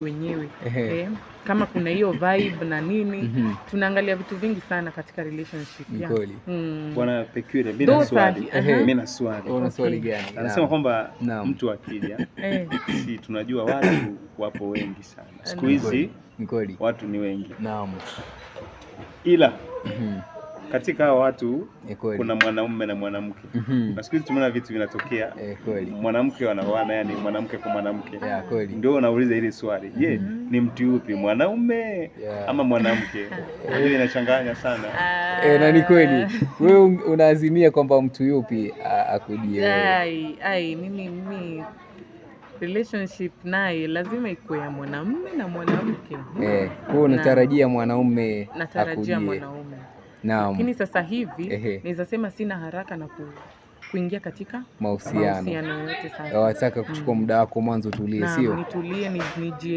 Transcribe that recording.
wenyewe eh, kama kuna hiyo vibe na nini mm -hmm. Tunaangalia vitu vingi sana katika relationship ya yeah. mm. Bwana Pekure, mimi na swali uh -huh. mimi na swali, una swali gani? Anasema kwamba mtu akija eh. si tunajua watu wapo wengi sana siku hizi, watu ni wengi naam, ila mm -hmm katika hawa watu eh, kuna mwanaume na mwanamke mm -hmm. na siku hizi tumeona vitu vinatokea eh, mwanamke wanaoana yani mwanamke kwa mwanamke yeah, ndio unauliza hili swali je, mm -hmm. ni mtu yupi mwanaume yeah. ama mwanamke? Hiyo inachanganya sana e, na ni kweli wewe unaazimia kwamba mtu yupi akujie? Ai, ai, mimi mimi relationship naye lazima ikuwe ya mwanamume na mwanamke. Eh, kwa unatarajia mwanaume? Natarajia mwanaume naam. Lakini sasa hivi naweza sema sina haraka na ku kuingia katika mahusiano yote sasa. Wataka kuchukua mm. muda wako mwanzo, utulie, sio? Nitulie, nijielewe.